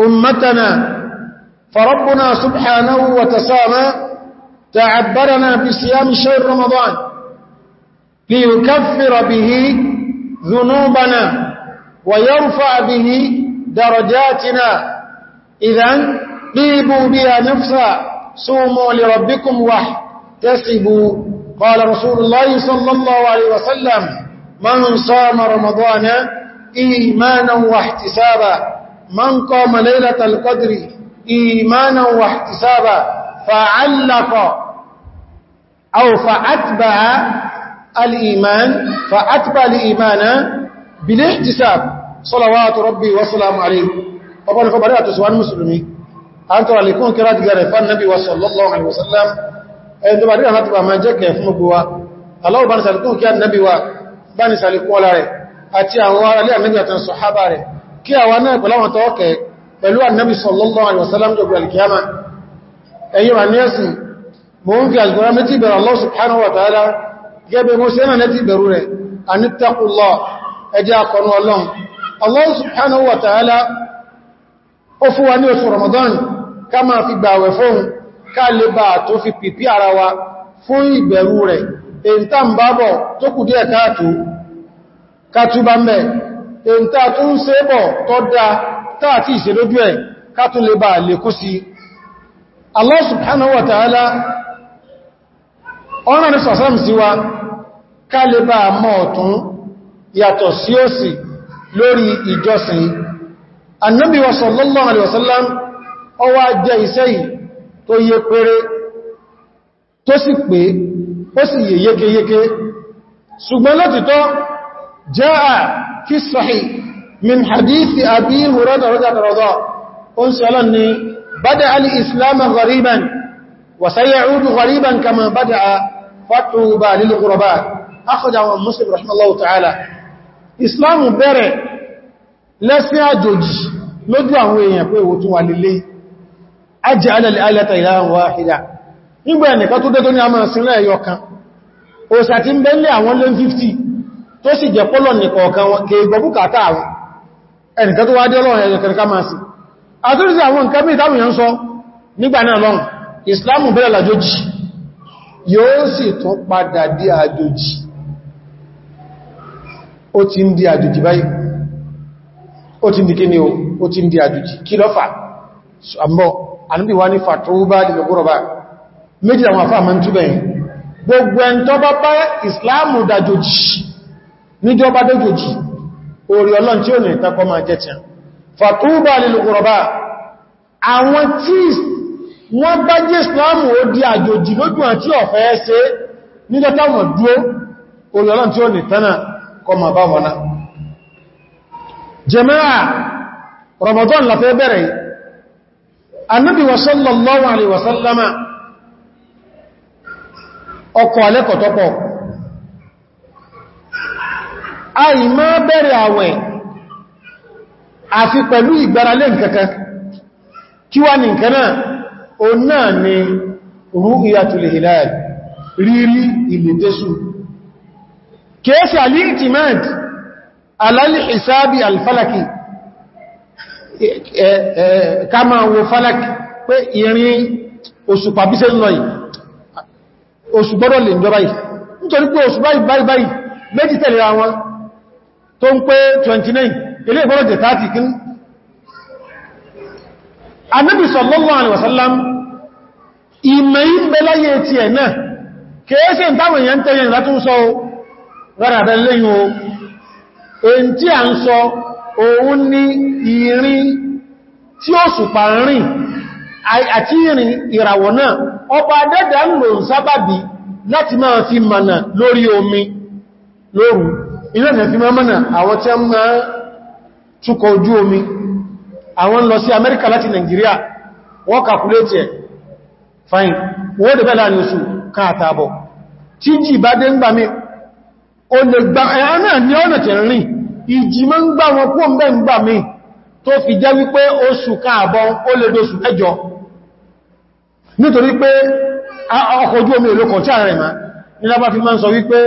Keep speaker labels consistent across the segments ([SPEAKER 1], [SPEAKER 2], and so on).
[SPEAKER 1] أمتنا فربنا سبحانه وتسامى تعبرنا بصيام شهر رمضان ليكفر به ذنوبنا ويرفع به درجاتنا إذا قيبوا بها نفسا صوموا لربكم واحتسبوا قال رسول الله صلى الله عليه وسلم من صام رمضان إيمانا واحتسابا من قام ليلة القدر إيمانا واحتسابا فعلق أو فأتبع الإيمان فأتبع الإيمان بالاحتساب صلوات ربي وسلام عليه طبعا فبرئة سواء المسلمي أنت لكون كرات غرفة النبي صلى الله عليه وسلم أنت برئة نتبع ما جاك يفمقوا الله بان سألكون كان نبي وبان سألكوا لاري أتي أنوار لي النبي أتنصحابا لاري kí àwa náà pẹ̀lú àwọn tọ́ọ̀kẹ́ pẹ̀lú annabi sallallahu alaihi wasallam wa fi àjùgbọ́n Allah wa ta'ala mo Allah wa Ramadan fi fóun ká lè fi pìpí ara wa fún ìbẹ̀rù rẹ̀ èyí tá tó kù díẹ̀ káàtó ká mẹ́ ta tó ń ṣe bọ̀ tọ́ dá tààtí ìṣèlójú ẹ̀ ká tún lè bá lè kú sí Allah subhanahu wa ta'ala ọ̀nà ní sọ̀sán sí wa ká lè bá mọ́ ọ̀tún yàtọ̀ sí òsì lórí ìjọsìn annabi wa sallallahu جاء في الصحيح من حديث أبي هريرة رضي الله عنه بدأ الإسلام غريبا وسيعود غريبا كما بدأ فطوبى للغرباء أخرجه مسلم رحمه الله تعالى إسلام bẹ̀rẹ̀ lẹ́sìn àjòjì lójú àwọn èèyàn pé ìwò tún wà lílé aj'ala al-alata ilahan wahida nígbà ẹnìkan tó dé tó ní a máa sínlẹ̀ ẹ̀yọ kan òsà ti ń bẹ́lẹ̀ àwọn lé 50 tó sì jẹ pọ́lọ̀ nìkan ọ̀kan wọn kè gbọ́bù kàtà ẹnìkan tó wá dé ọlọ́run ẹ̀yẹ kẹrẹká máa sí àtúrísí àwọn nǹkan bí ìtàwọn yẹn sọ nígbà náà lọ́run ìsìláàmù bẹ̀rẹ̀ làjòjì yóò sì tún padà di àjòjì ó ti ń di àjòjì báyìí ó ti ń di kíní o ti ń di àjòjì kí fà bá níjọba dójòjì orí ọlọ́n tí ó ní ìtakọ máa jẹ́tìá fàtúbà lílùkùrọ̀bá àwọn tí wọ́n bá jẹ́ islamu ó di àjòjì lójú àti ọ̀fẹ́ ẹsẹ́ níjọta mọ̀ dúó orí ọlọ́n tí ó ní tánà kọ ma bá wọná Ramadan la fẹ́ bẹ̀rẹ̀ wa sallallahu alaihi wasallama ọkọ̀ alẹ́kọ̀ọ́tọ́pọ̀ àìmọ́ bẹ̀rẹ̀ àwẹ̀ àfi pẹ̀lú ìgbáralé nǹkankan kí wá ní nǹkan náà o náà ni ru'yatul hilal rírí ìlẹ̀dẹ́sù kèèsì alìtìmáàd alálì ìsáàbì alfalaki ká máa wo falak pé ìrìn oṣù pàbíṣẹ́ lọ yìí oṣù gbọ́dọ̀ lè jọba yìí nítorí pé oṣù báyìí méjì tẹ̀lera wọn tó ń 29 ilé ìgbọ́rọ̀ jẹ 30 kí Ànábì sallallahu alaihi wasallam ìmẹ̀ ìbẹ̀láyé ti ẹ̀ náà kèése ìtàwọn èèyàn tẹ́yẹ ìlàtún sọ rárá lẹ́yìn o èyí tí a ń sọ òun ọba omi lóru ilé na fi máa mọ́nà àwọn tí a máa túkọ̀ ojú omi àwọn lọ sí Amẹ́ríkà láti Nàìjíríà wọ́n kàkùlétì ẹ̀ fine wọ́n dẹ̀ bẹ́lá ní oṣù kan àtàbọ̀ tí jì bá dé ń gbà mí o lè gbà ẹ̀hánà ní omi ma ní lábá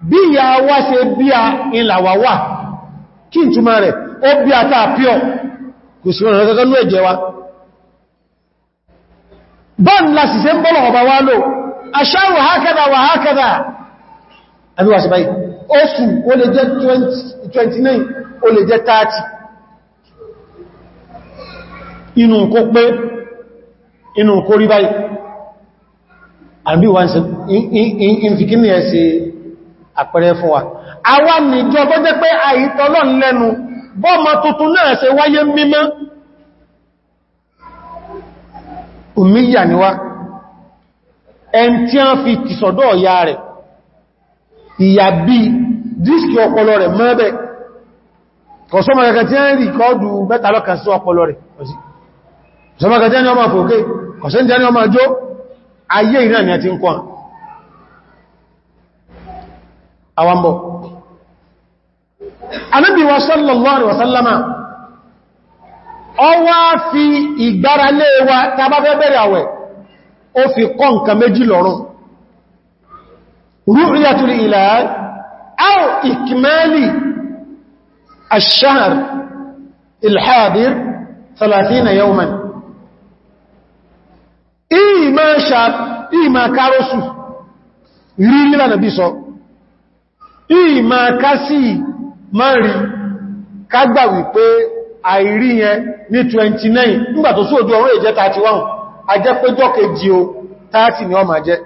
[SPEAKER 1] bí ya wá ṣe bí a ìlàwà wà kí n túnmà rẹ̀ ó bí a pí píọ̀ kò sí ọ̀nà ọ̀sán ẹ̀jẹ̀ wa bọ́n lásìsẹ́ ń bọ́lọ̀ ọba wá lò aṣáwò hákàdà wà hákàdà àbíwà sí báyìí oṣù ó lè jẹ́ 29 ó lè jẹ́ 30 inú àpẹẹrẹ fún wa àwa nìjọ tó jẹ́ pé àìtọ́lọ́ lẹ́nu bọ́mọ tuntun náà ṣe wáyé mímọ́ òmíyà níwá ẹn tí a fi tìsọ̀dọ̀ ìyá rẹ̀ ìyà bí díṣkì ọpọlọ rẹ̀ mọ́bẹ̀ kọ̀sọ́mọ̀ kẹkẹ tí a ń rí kọ́ọ̀dù ọpọlọ a àwọ̀mbọ̀. Ànábì wa sallallahu alaihi wasallama, ọ wá fi ìgbára lé wa tàbá fẹ́ bẹ̀rẹ̀ àwẹ̀, ó fi kọ́ nǹkan méjì lọ́rùn. Ru'yatul hilal, aw ikmali ash-shahr al-hadir 30 yawman. Ìmá ṣàb, ìmá kárósù, rí nílànà bí sọ, ìmá kásì márùn kágbà wípé àìrí yẹn ní 29 nígbà tó sóòdó ọ̀rọ̀ ìjẹ́ 31 ajẹ́ péjọ́ kejì o 30 ni ọmọ jẹ́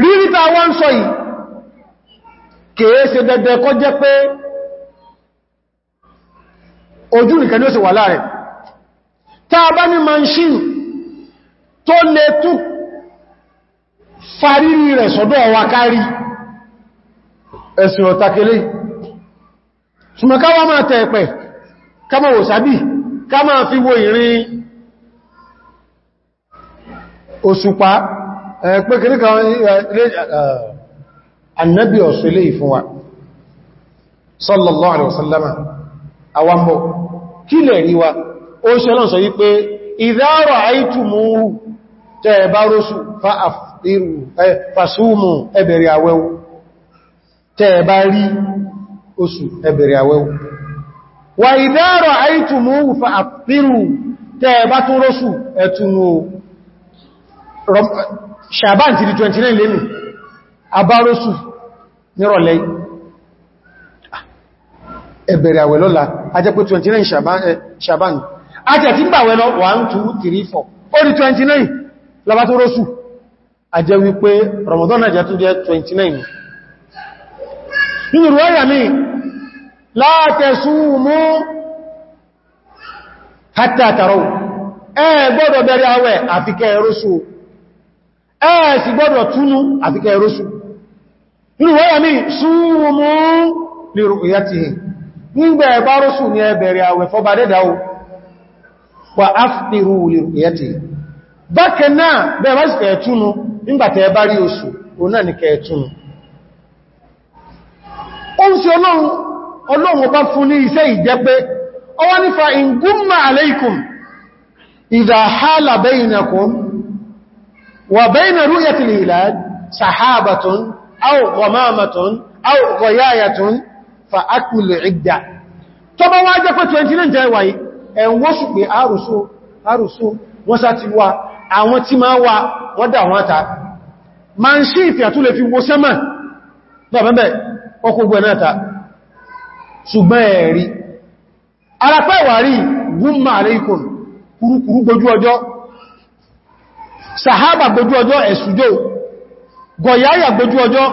[SPEAKER 1] ríríta wọ́n sọ yìí kèé ṣe dẹ̀dẹ̀ kọ́ jẹ́ pé ojú nìkan ní ó sì wà láàrẹ̀ tàbá ní manshin tó lè tún farírí rẹ̀ sọ́dọ̀ wa kárí ẹ̀sìn ọ̀takẹlé ṣùgbọ́n ká wá máa tẹ̀ ẹ̀pẹ̀ ká máa wò sábì ká máa fi wo ìrìn òṣùpá ẹ̀pẹ́ kìríkà annabi ọ̀sọ̀ ilé ìfún wa sallallahu alaihi wasallama irú fàṣúmù ẹbẹ̀rẹ̀ àwẹ́wò tẹ́ bá rí oṣù ẹbẹ̀rẹ̀ àwẹ́wò wà ìdárọ̀ àìtùmù fa àpírù tẹ́ bá tún rọ́ṣù ẹ̀tùnù ṣàbán ti di 29 lẹ́nu àbárọ́ṣù nírọ̀lẹ́ ẹbẹ̀rẹ̀ àwẹ̀ lọ́la ajẹ́pẹ́ 29 ṣàbán àti àti ń gbàwẹ̀ lọ 1 2 3 4 ó di 29 labátó rọ́ṣù a jẹ́ wípé Ramadan náà jẹ́ 29 nínú ruwaya mi la tasumu hatta taraw ẹ gbọ́dọ̀ bẹ̀rẹ̀ àwẹ̀ àfikẹ́ ẹ̀rọ́sù ẹ sì gbọ́dọ̀ túnú àfikẹ́ ẹ̀rọ́sù nínú ruwaya mi sumu li ru'yatihi nígbẹ̀ ẹ̀bá ní ẹbẹ̀rẹ̀ àwẹ̀ fọba dẹ́dà o wà áfìrú li
[SPEAKER 2] náà bẹ̀rẹ̀
[SPEAKER 1] nígbàtẹ̀ bá rí oṣù o náà ní kẹtùn ó ń sí ọlọ́run bá fún ní iṣẹ́ ìjẹ́ pé ọwọ́ nífà ìgúnmà aleikum ìdà hálà bainakum wà bayna ru'yatil hilal sahabatun aw ghamamatun aw ghayayatun fa akmil idda wọ́n dà ta ma ń ṣí ìfẹ́ àtúlẹ̀ fi wo sẹ́mà náà bẹ́ẹ̀ ọkùnrin náà ta ṣùgbọ́n ẹ̀rí alápẹ́ ìwàrí gúnmà aléìkùn kúrúkúrú gbójú ọjọ́ sahaba gbójú ọjọ́ ẹ̀sùjò gọ̀yáyà gbójú ọjọ́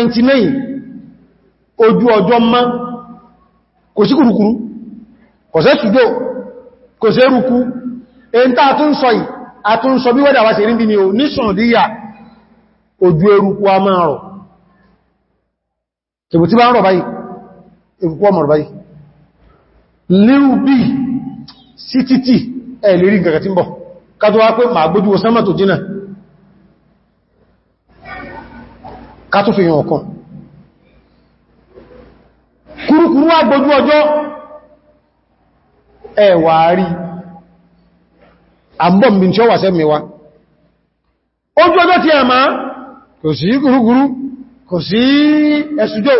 [SPEAKER 1] kí ojú ọjọ́ mọ́ kò sí kùrùkùrù kò sẹ́ ṣùgbò kò sẹ́ rúkú èyí tàà tún sọ yìí a tún sọ bí wẹ́dà wá sí ríndì ni ò ní sọ̀díyà ojú eruku a máa rọ̀ tèbù tí bá ń rọ̀ báyìí eruku ọmọ rọ̀ báyìí lérú bí sí títì ẹ̀ lérí gẹ̀gẹ̀ kúrúkúrú agbójú ọjọ́ ẹwà rí àbọ̀mbí tí ó wà ojú ọjọ́ ti ẹ̀mà kò sí kúrúkúrú kò sí ẹ̀sùjò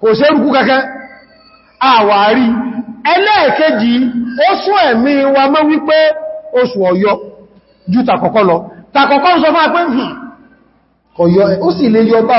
[SPEAKER 1] kò sí ẹrùkú kaka àwà rí ẹlẹ́ẹ̀kejì sún ẹ̀mí wa mọ́ wípé oṣù ọ̀yọ́ ju tàkọ́kọ́ lọ ń sọ fún apẹ́ hmm, kọ̀yọ́ ó sì lè yọ bá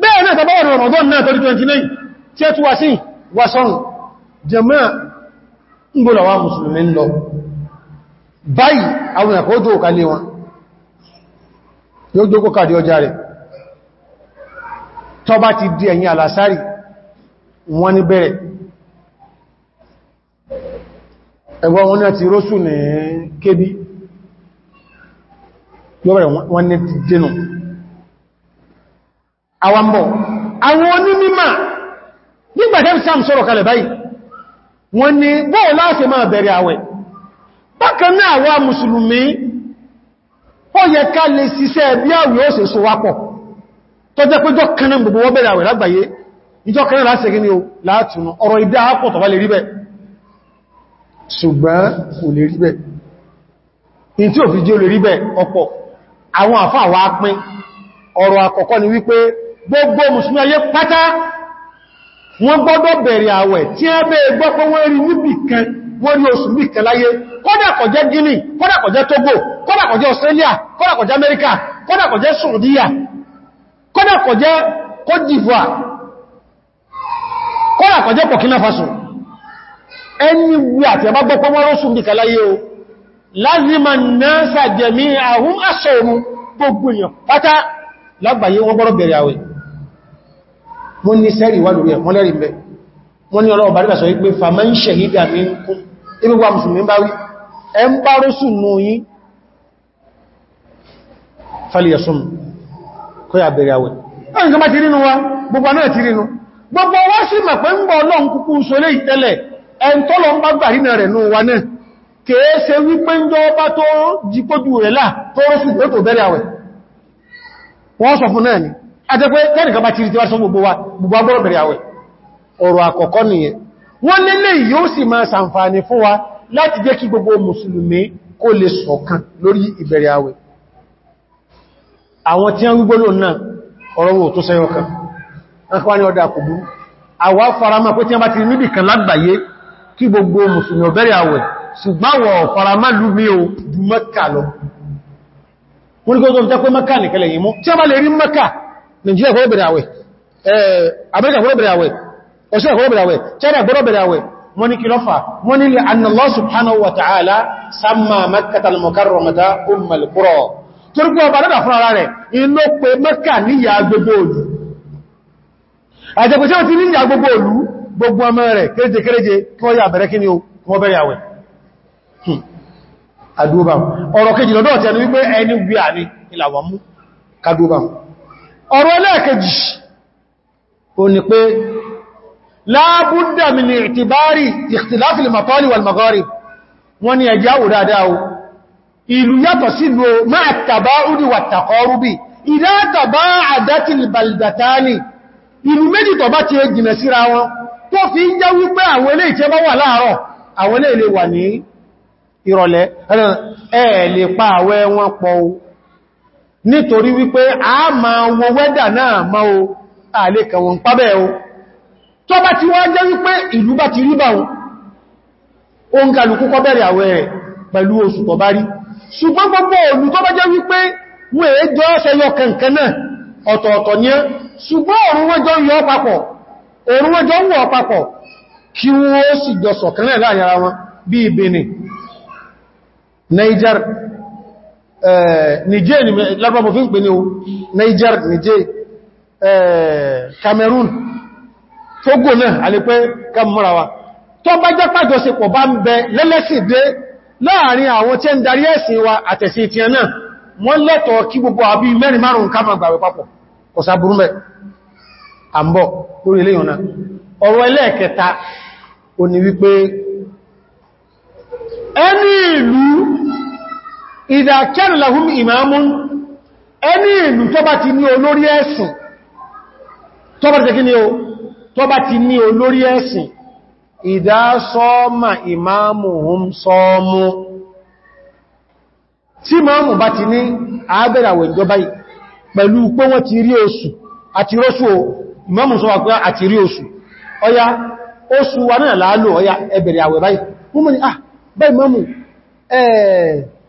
[SPEAKER 1] bẹ́ẹ̀ náà tàbáwọn Ramadan náà 29 tí ẹ túwà sí wàsán jẹmọ́ ń gbọ́lọ̀ wá mùsùlùmí lọ báyìí àwọn ẹ̀kọ́ ojú òkà lé wọn yóò jókó kàdí ọja rẹ̀ tọba ti di ẹ̀yìn alásárì wọ́n ní bẹ̀rẹ̀ ẹgbọ́ wọn ní àwambọ̀ àwọn onímímà nígbàtẹ́ sam sọ́rọ̀ kalẹ̀ báyìí wọ́n ní bóò láti máa bẹ̀rẹ̀ àwẹ̀ bákanáà àwa mùsùlùmí ó yẹ ká lè ṣiṣẹ́ bí àwẹ̀ ó ṣe so wápọ̀ tó jẹ́ péjọ kanáà gbogbo wọ́n bẹ̀rẹ̀ àwẹ̀ lágbàáyé ìjọ kanáà láti gíní o látùnú ọ̀rọ̀ ìdá àpọ̀ tọ̀wà lè rí bẹ̀ ṣùgbọ́n kò lè rí bẹ̀ in tí ò fi jí o lè rí bẹ̀ ọ̀pọ̀ àwọn àfáà wá pín ọ̀rọ̀ àkọ́kọ́ ni wípé gbogbo mùsùlùmí ayé pátá wọ́n gbọ́dọ̀ bẹ̀rẹ̀ àwẹ̀ tí a bẹ́ gbọ́ pé wọ́n rí níbì kan wọ́n rí oṣù níbì kan láyé kódà kó jẹ́ Guinea kódà kó Togo kódà kó jẹ́ Australia kódà kó jẹ́ America kódà kó jẹ́ Saudiya kódà kó jẹ́ Côte d'Ivoire kódà kó jẹ́ Burkina Faso ẹni wí àti ẹbá gbọ́ pé wọ́n rọ́sùn níbì kan láyé o wọ́n ní sẹ́rì wà lórí ẹ̀kọ́ lẹ́rì mẹ́ wọ́n ní ọlọ́ọ̀bá rí sọ wípé fàmá ń ṣe hídà mi ń kún ibi wà mùsùlùmí bá wí ẹ ń bá rọ́sù nù yí fàlìyàsùn kọ́ yà bẹ̀rẹ̀ àwẹ̀ kèése wípé ń jọ bá tó jípójú rẹ̀ láà tó rọ́sù ìgbé tó bẹ̀rẹ̀ àwẹ̀ wọ́n sọ fún náà ni àtẹ́pẹ́ tẹ́nìkan bá ti rí ti wá sọ gbogbo wa gbogbo agbọ́rọ̀ bẹ̀rẹ̀ àwẹ̀ ọ̀rọ̀ àkọ́kọ́ nìyẹn wọ́n nílé yóò sì máa sàǹfààní fún wa láti jẹ́ kí gbogbo mùsùlùmí kó lè ṣọ̀kan lórí ìbẹ̀rẹ̀ àwẹ̀ wọ́n gbígbónà farama pé tí wọ́n bá ti níbì kan lágbàáyé kí gbogbo mùsùlùmí ọ̀bẹ̀rẹ̀ farama lú mi ò ju mẹ́kà lọ wọ́n ní kí ó tó fi jẹ́ mẹ́kà nìkẹlẹ̀ yìí mú tí wọ́n bá lè rí mẹ́kà Nigeria kọ́rọ̀ bẹ̀rẹ̀ àwẹ̀ America kọ́rọ̀ bẹ̀rẹ̀ àwẹ̀ Australia kọ́rọ̀ bẹ̀rẹ̀ àwẹ̀ China kọ́rọ̀ bẹ̀rẹ̀ àwẹ̀ wọ́n ní kìlọ́fà wọ́n ní anna Allah subhanahu wa ta'ala samma makkata al-mukarramata ummul qura turku ọba dada fún ara rẹ̀ inú pé mẹ́kà níyà gbogbo olú àjẹ́gbẹ̀ṣẹ́ ti níyà gbogbo olú gbogbo ọmọ rẹ̀ kéréje kéréje kí wọ́n yà bẹ̀rẹ̀ ni wọ́n hmm. ọ̀rọ̀ kejì lọ́dọ̀ ọ̀tẹ́ wípé ẹni gbé àní ìlàwọ̀ mú ọ̀rọ̀ ẹlẹ́ẹ̀kejì o ni pé láàbúdà min i'tibari ikhtilafi al-matali wal-magharib wọ́n ni ẹjá ò dáadáa o ìlú yàtọ̀ sí lo máa tàbá údí wà tàkọrúbì ìdá tàbá àdátìl baldatani ìlú méjì tọ̀bá ti jìnà síra wọn tó fi ń jẹ́ wípé àwọn ilé nítorí wípé a ma wo wẹ́dà náà ma o àlè kan wọn pábẹ́ o tó bá ti wọ́n jẹ́ wípé ìlú bá ti rí bá o ń kàlùkú kọ́ bẹ̀rẹ̀ àwẹ̀ rẹ̀ pẹ̀lú oṣù tó ṣùgbọ́n gbogbo òlù tó bá jẹ́ wípé wọ́n èéjọ́ ṣẹyọ kankan yọ Eh, Nigeria lọ́pọ̀ mo fi ń pè ní o Niger eh, Cameroon Togo náà alẹ́pẹ́ kamarawa tó bá jẹ́ pàjọsípọ̀ bá ń bẹ lẹ́lẹ́sìdé láàrin àwọn tí ń darí ẹ̀sìn wa àtẹ̀sí ìtìyàn náà wọ́n lẹ́tọ̀ọ́ kí gbogbo àbí mẹ́rin márùn-ún ìdá kẹ́rù lahum ìmáàmùn ẹni ìlú tó bá ti ní olórí ẹ̀sìn tó bá ti ni ní olórí ẹ̀sìn ìdá sọ́ọ̀mà ìmáàmùhum sọ́ọ̀mù tí máàmù bá ti ní àábẹ̀ràwẹ̀ ìjọba pẹ̀lú pé wọ́n ti rí oṣù àti rọ́ṣù ìmáàmù sọ pé àti rí oṣù ọya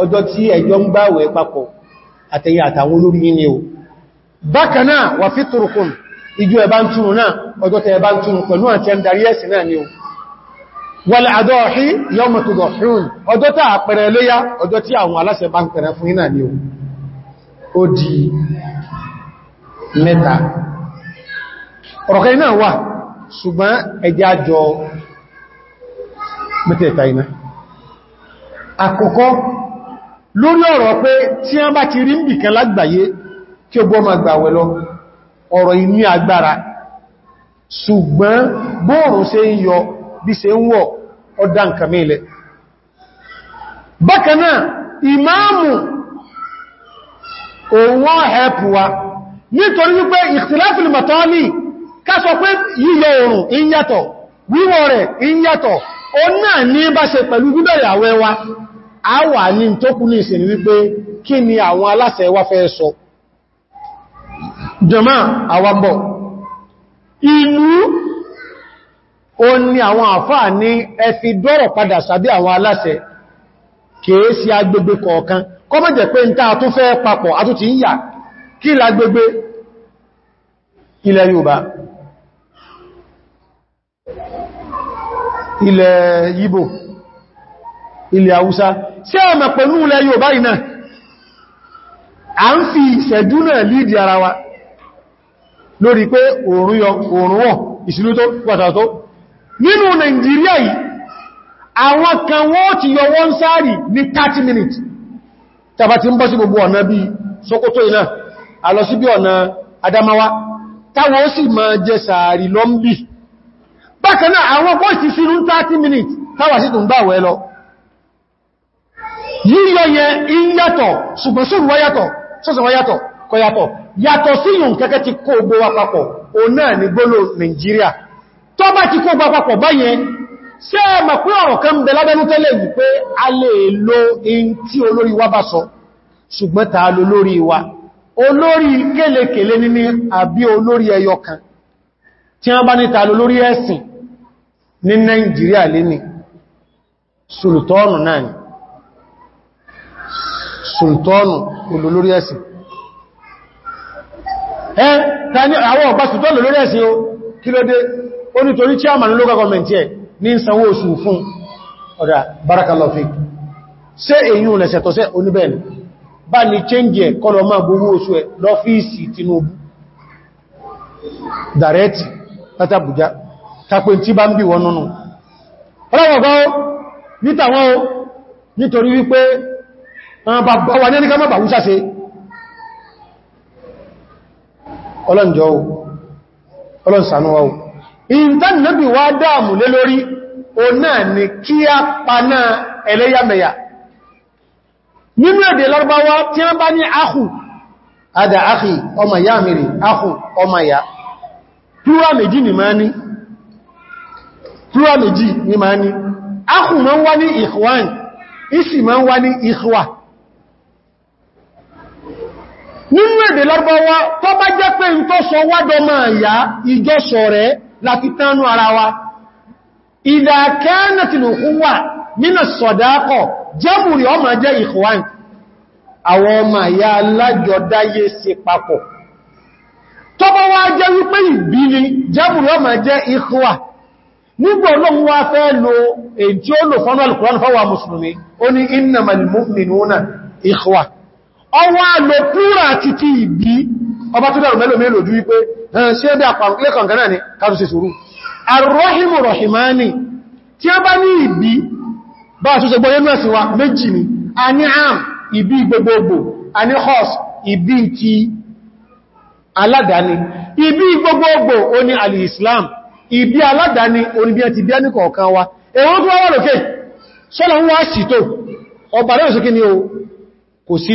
[SPEAKER 1] ọjọ́ tí ẹjọ́ ń gbáwẹ̀ papọ̀ àtẹ̀yìn àtàwọn olórí ní o bákanáà wà fi turukun ijú ẹbá ń náà ọjọ́ tẹ ẹbá ń túnrù pẹ̀lú àti darí ẹ̀sìn náà ni o wal adọ́ọ̀hí ọjọ́ ọjọ́ lórí ọ̀rọ̀ pé tí wọ́n bá ti rí ń lágbàáyé kí o bọ́ ma gbàwẹ̀ lọ ọ̀rọ̀ inú agbára ṣùgbọ́n bóòrùn ṣe ń yọ bí ṣe ń wọ̀ ọdá nǹkan mílẹ̀ bákan ìmáàmù òun wa nítorí wípé ìkhtilafil a wà ní tó kú ní ìsìn wípé kí ni àwọn aláṣẹ wá fẹ́ sọ jọmọ́ àwọ́bọ̀ ìlú o ní àwọn àfáà ní ẹfi dọ́rọ̀ padà sàbí àwọn aláṣẹ kìí sí agbègbè kọ̀ọ̀kan kọ́ pé ń tàà tó fẹ́ papọ̀ àtú ti ń yà kí lágbègbè ilẹ̀ Yorùbá ilẹ̀ Yíbò ilẹ̀ Haúsá sí àmà pẹ̀lú ilẹ̀ Yorùbá iná a ń fi ìṣẹ̀dú náà lídì ara wa lórí pé òòrùn wọ̀ ìṣìlú tó pàtàkó nínú Nàìjíríà yìí àwọn kan wọ́n ti yọ wọ́n sáàrì ní 30 minutes tàbà ti ń bọ́ sí gbogbo ọ̀nà bí Sókótó iná àlọ sí bí ọ̀nà Adamawa táwọn ó sì máa jẹ sàárì lọ́mbì bákan náà àwọn bọ́ìsì sínú 30 minutes táwà sí tún gbà wẹ́ lọ yíyọ yẹn ìyàtọ̀ ṣùgbọ́n sí ìwáyàtọ̀ sọ́sọ̀wáyàtọ̀ kọyàtọ̀ yàtọ̀ sí yùn kẹ́kẹ́ ti kó gbó wa papọ̀ o náà ni gbólò Nàìjíríà tó bá ti kó gbá papọ̀ báyẹn ṣé ẹ mọ̀ ta lo lórí wa olórí kélekèlé níní àbí olórí ẹyọ kan tí wọ́n bá ní ta lo lórí ẹ̀sìn ní Nàìjíríà sultanu náà ni sultanu olólórí ẹ̀sìn ẹ́ tàní àwọn ọ̀pá sultanu olólórí ẹ̀sìn o kí ló dé ó nítorí chairman local government ẹ̀ ní sanwó oṣù fún ọ̀dá barakallahu ṣe èyí ò lẹ̀sẹ̀ tọ́sẹ́ oníbẹ̀ẹ̀lì bá ní change ẹ̀ kọ́lọ osu àwọn bàbá wa ní ẹni ká mọ́ bàwúsá se ọlọ́njọ́ o ọlọ́nsànúwà o ìntàn nábì wá dáàmù lé lórí nínú èdè lárúbáwá tí a bá ní áhù adà áhì ọmọ ya mìírí áhù ọmọ ya plúwà méjì ni máa ní plúwà méjì ni máa ní áhù máa ń wá ní ìhwán ìsì máa ń wá nínú èdè lọ́gbọ́wọ́ tó bá jẹ́ pé ń tó sọ wádọ máa yá ìjọsọ rẹ̀ láti tánú ara wa ìdàkẹ́ẹ̀nàtìlòkúwà nínú sọ̀dákọ̀ jẹ́mùrì ọmọ jẹ́ ìkùwán àwọn ọmọ ìyá alájọdáyé ṣe papọ̀ tó bá wá jẹ́ wípé ìbíni jẹ́mùrì ọmọ jẹ́ ìkùwà nígbà olóhun wá fẹ́ lo èyí tí ó lò fọ́nà alìkùránù fọ́wà mùsùlùmí ó ní innamal mu'minuna ikhwa ọwọ́ àlò púrà títí ìbí ọba tó dárò mẹ́lò mẹ́lò ojú wípé ṣe bí àpàlẹ́kàn gánà ní kàtù sí sùúrù arọ́hìmù rọ̀hìmáni tí a bá ní ìbí bá tó ṣe gbọ́yẹ́ mẹ́sìn wa méjì ni a ní àm ìbí gbogbogbò a ní hos ìbí ti aládàáni ìbí gbogbogbò ó ní alìsìlám ìbí aládàáni oníbíyàn ti bí ẹnìkọ̀ọ̀kan wa èwọ́n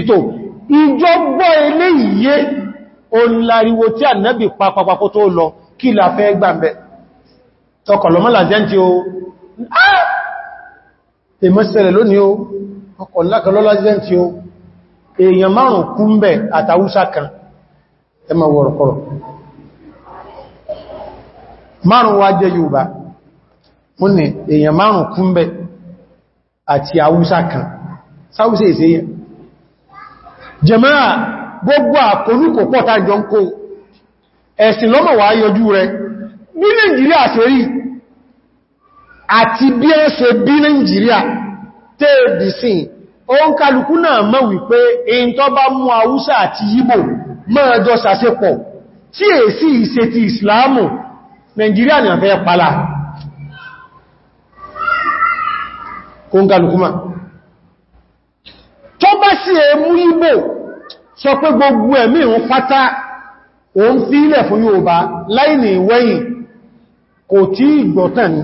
[SPEAKER 1] tó ìjọgbọ́ ilé ìyé olàriwo tí ànẹ́bì papapapò tó lọ kí la fẹ́ gbàmbẹ̀ tọkọ̀lọ́mọ́lá jẹ́ tí ó èmọ́sẹ̀rẹ̀ lónìí ó ọkọ̀lákọlọ́lá jẹ́ tí ó èèyàn márùn kúmbẹ̀ àtàúsá kan ẹmọ wọ̀rọ̀kọ̀rọ̀ márùn wá jẹ́ Yorùbá wọ́n ni èèyàn márùn kúmbẹ̀ àti jẹmáà gbogbo àkọlùkò pọ̀ tá jọ ń kó ẹ̀sìn lọ́mọ̀ wà yọjú rẹ ní Nàìjíríà ṣe rí àti bí ẹ́ ṣe bí Nàìjíríà tẹ́ẹ̀bì sí oún kálukú náà mọ̀ wípé èyí tó bá mú Haúsá àti Yíbò máa jọ ni àfẹ́ pàlá kó ń tó bá sí ẹmú ibò sọ pé gbogbo ẹ̀mí òun pátá òun fi ilẹ̀ fún Yorùbá láìní ìwẹ́yìn kò tí ìgbọ̀tàn ni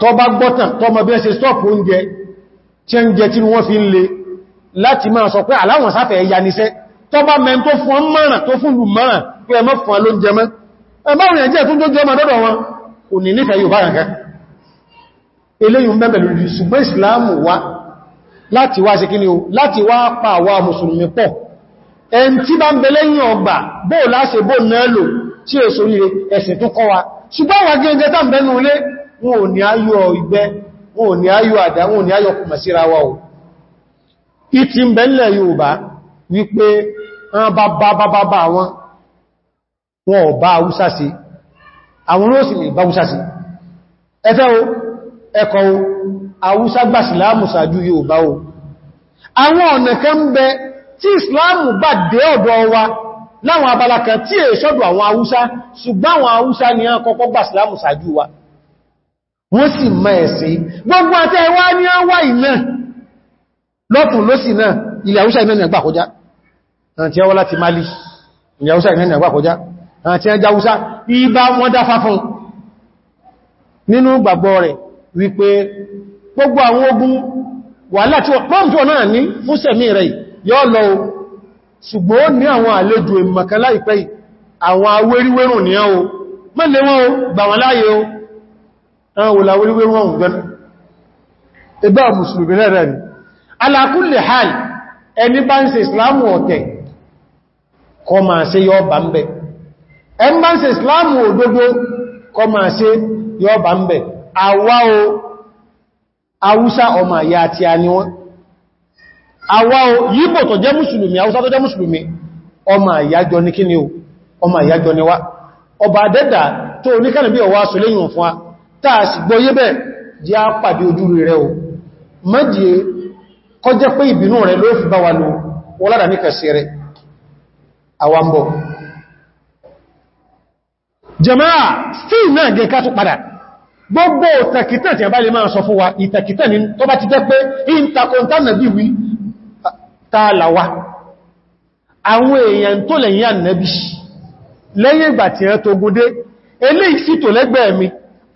[SPEAKER 1] tó bá gbọ́tàn tó mọ bí ẹ ṣe stop oúnjẹ tí ẹ ń jẹ tí wọ́n fi ń le láti máa sọ pé aláwọn sáfẹ́ ẹ̀yà níṣẹ́ tó bá mẹ́ tó láti wá ṣe kíni o láti wá pa àwa mùsùlùmí pọ̀ ẹn tí bá ń bẹ lẹ́yìn ọgbà bó láṣe bó mẹ́lò tí è sóríre ẹ̀sìn tó kọ́ wa ṣùgbọ́n wà gẹ́gẹ́ tá ń bẹ́nu ilé wọn ò ní ayọ̀ ìgbẹ́ wọn ò ní ayọ̀ àdá wọn ò ní ayọ̀ kùmà síra wa o ìtì ń bẹ́lẹ̀ Yorùbá wípé wọ́n bá bá bá bá bá wọn wọn ò bá Haúsá sí àwọn olóòsìn ìbá àwúsá gbà sílámù ṣáájú Yorùbá o àwọn ọ̀nà kan bẹ tí ìsìláàmù bá dé ọ̀dọ̀ wa láwọn abala kan tí è ṣọ́dọ̀ àwọn haúsá ṣùgbọ́n àwọn haúsá ni án kọ́kọ́ gbà sílámù ṣáájú wa wọ́n sì mọ́ ẹ̀sìn gbogbo àti ẹwà ní án wà iná lọ́tún lọ́sì náà ilẹ̀ haúsá iná nìyàn gbà kọjá àti ẹwà láti Mali ilẹ̀ haúsá iná nìyàn gbà kọjá àti gbogbo àwọn ogun wàhálà tí wọ́n náà ní fún rẹ̀ yọ́ lọ ṣùgbọ́n ní àwọn àlejò ìmọ̀kànlá ìpẹ́ àwọn awéríwérùn ní ọ́ mẹ́lẹ̀ wọn láyé o àwọn olàwéríwérùn wọn gbẹ́nu ẹgbẹ́ mùsùlùmí rẹ̀ ni ala kulli hal ẹni bá ń ṣe islamu ọ̀tẹ̀ kọ máa ṣe bá ń bẹ̀ bá ń ṣe islamu òdodo kọ máa ṣe yọ bá o Haúsá ọmọ àyà àti àní wọn àwa o Yíbò tó jẹ́ mùsùlùmí Haúsá tó jẹ́ mùsùlùmí ọmọ àyájọ ní kíni o ọmọ àyájọ ni wá ọba àdẹ́dà tó oníkànà bí ọwá sọ lẹ́yìn fún wa táà sì gbọ́yé bẹ́ẹ̀ jẹ́ á pàdé ojú rẹ̀ o mẹ́jì kọjẹ́ pé ìbínú rẹ̀ ló fi bá wa lò wọ́n lára ní kẹsẹ̀ rẹ̀ àwambọ̀ jẹ́máà gbogbo ìtàkìtà tí a bá lè máa sọ fún wa ìtàkìtà ní tó bá ti jẹ́ pé ìntàkọntà nàbí wí tààlàwà àwọn èèyàn tó lẹ́yìn ànẹ́bí lẹ́yìn ìgbà tí ẹ tó gúdé eléyìí sì lẹ́gbẹ̀ẹ́ mi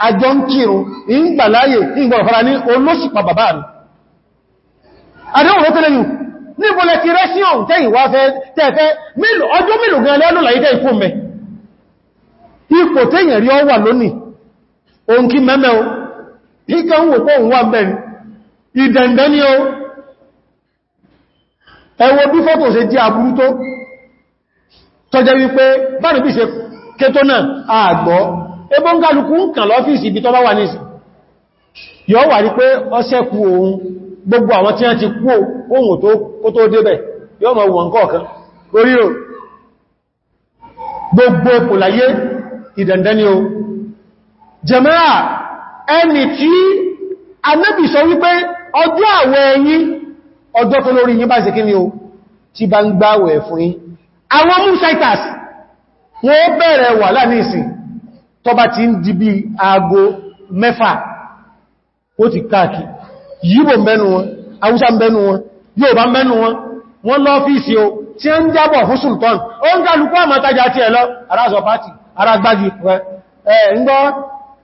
[SPEAKER 1] àjọ ń kírun ìgbàláyè ìgbàfara ní olóṣìpá bàbá mi adéhùn tẹ́lẹ̀yìn níbọlẹ̀ ti rẹ́ sí ọ̀hún tẹ́yìn wá fẹ́ tẹ́ẹ̀fẹ́ ọjọ́ mélòó gan lẹ́nu làyíkẹ́ ohun kí mẹ́mẹ́ o kíkà ń wò pọ́ òun wà bẹ̀rẹ̀ ìdẹ̀ndẹ̀ ni o ẹwọ bí fọ́tò ṣe jẹ́ àbúrú tó tọ́jẹ́ wípé bára bí ṣe kétó náà àgbọ́ ebó ibi tọ́ bá wà nìsì yọ́ wà rí pé ọṣẹ́ gbogbo àwọn tí wọ́n ti kú ohun tó tó débẹ̀ yọ́ mọ̀ wọn o gbogbo kò láyé ni jẹ̀mẹ́rà ẹni tí Ànábì sọ wípé ọjọ́ àwẹ̀ ẹ̀yin ọjọ́ tó lórí yín bá ṣe kí ni o tí bá ń gbáwẹ̀ fún yín àwọn moonshitters wọ́n bẹ̀rẹ̀ wà láàrin tó bá ti ń di bí aago mẹ́fà ó ti káàkì yíbò mẹ́nu wọn Haúsá mẹ́nu wọn Yorùbá mẹ́nu wọn wọ́n lọ́fíìsì o tí ó ń jábọ̀ fún sultan ó ń kálukú àmọ́tajà tí ẹ lọ ará zọpátì ará ẹ̀ ń gbọ́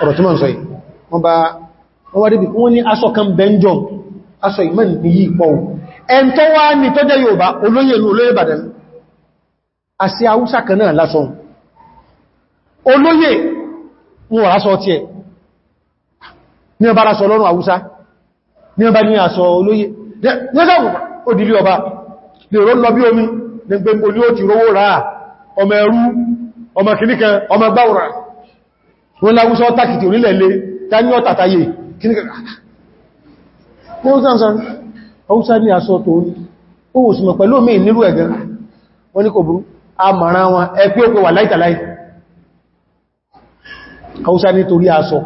[SPEAKER 1] ọ̀rọ̀ tí ma ń sọ yìí wọ́n bá wọ́n wá débi wọ́n ní aṣọ kan bẹ́ńjọ aṣọ ìmọ̀ ní yí pọ̀ ẹn tó wá ní tó jẹ́ Yorùbá olóyè ní olóyè Ìbàdàn àti Haúsá kan náà lásọ olóyè wọn wà aṣọ tí ẹ ní ọba aṣọ lọ́rùn Haúsá ọmọ ẹrú ọmọ kìníkan ọmọ gbáwòrán wọ́n láwúsọ́ tákìtì onílẹ̀ lé tání ọ̀tà tayé kí ní ọ̀húsá ní aṣọ tó ní oòrùn sí mọ̀ pẹ̀lú mi nílùú ẹ̀gẹ́ wọ́n ní kò burú a mara wọn ẹgbẹ́ òkú wà láìtàláì ọ̀húsá ní torí aṣọ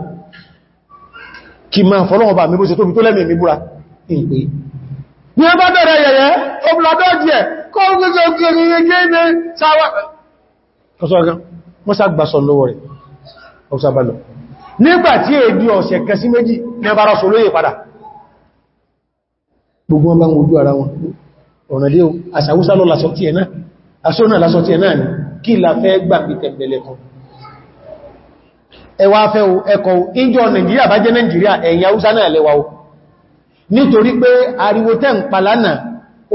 [SPEAKER 1] kí máa fọ́lọ́wọ́ bà mí bó ṣe tóbi tó lẹ́mì mi búra ìpé ní ẹbá ọ̀sàbàlọ̀ nígbàtí èdè ọ̀sẹ̀ kan sí méjì nẹbàrá sọ lóyè padà gbogbo wọn bá ń ojú ara wọn ọ̀rọ̀lé àṣàwúsá lọ lásọ ẹ̀nà ni kí la fẹ́ gbà bí tẹ̀bẹ̀lẹ̀ kan ẹwà fẹ́ o ẹkọ̀ ìjọ Nàìjíríà bá jẹ́ Nàìjíríà ẹ̀yìn Haúsá náà lẹ́wà o nítorí pé ariwo tẹ́ ń palánà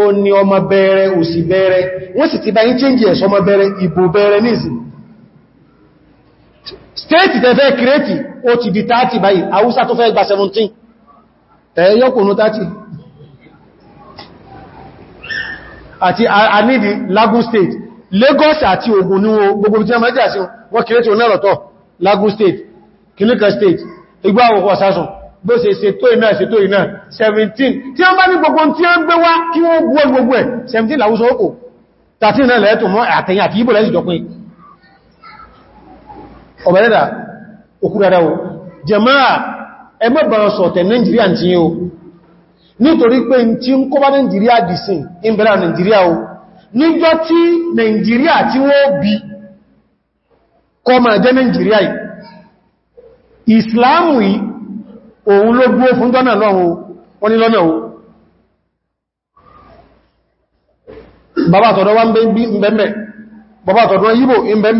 [SPEAKER 1] o ni ọmọ bẹ̀rẹ̀ òsì bẹ̀rẹ̀ wọ́n sì ti bá yí change ẹ̀sọ ọmọ bẹ̀rẹ̀ ìbò bẹ̀rẹ̀ nísìnyí stéètì tẹ́fẹ́ kìrẹ́tì ó ti di 30 báyìí Haúsá tó fẹ́ gba 17 ẹ̀yọ́kùnú 30 àti àníbi Lagos State Lagos àti Ògùn ní gbogbo tí a máa jà sí wọ́n kìrẹ́tì onẹ́rọ̀tọ̀ Lagos State kìlíkà State igbá àwọn ọ̀sásùn bó ṣe ṣètò iná ṣètò iná 17 tí a bá ní gbogbo tí a ń gbé wá kí wọ́n gbọ́ gbogbo ẹ̀ 17 làwúsọ ókò 13 ọ̀bẹ̀lẹ́dà okúrádá o jẹmáà ẹgbẹ́ Nigeria ti yíò nítorí pé tí ń Nigeria dìsìn ìbẹ̀rẹ̀ Nigeria o níjọ́ tí Nigeria tí wọ́n bí kọmọ̀ ẹ̀jẹ́ Nigeria Ìsìláàmù yìí òun ló gbó fún jọ́nà lọ́run wọn ni o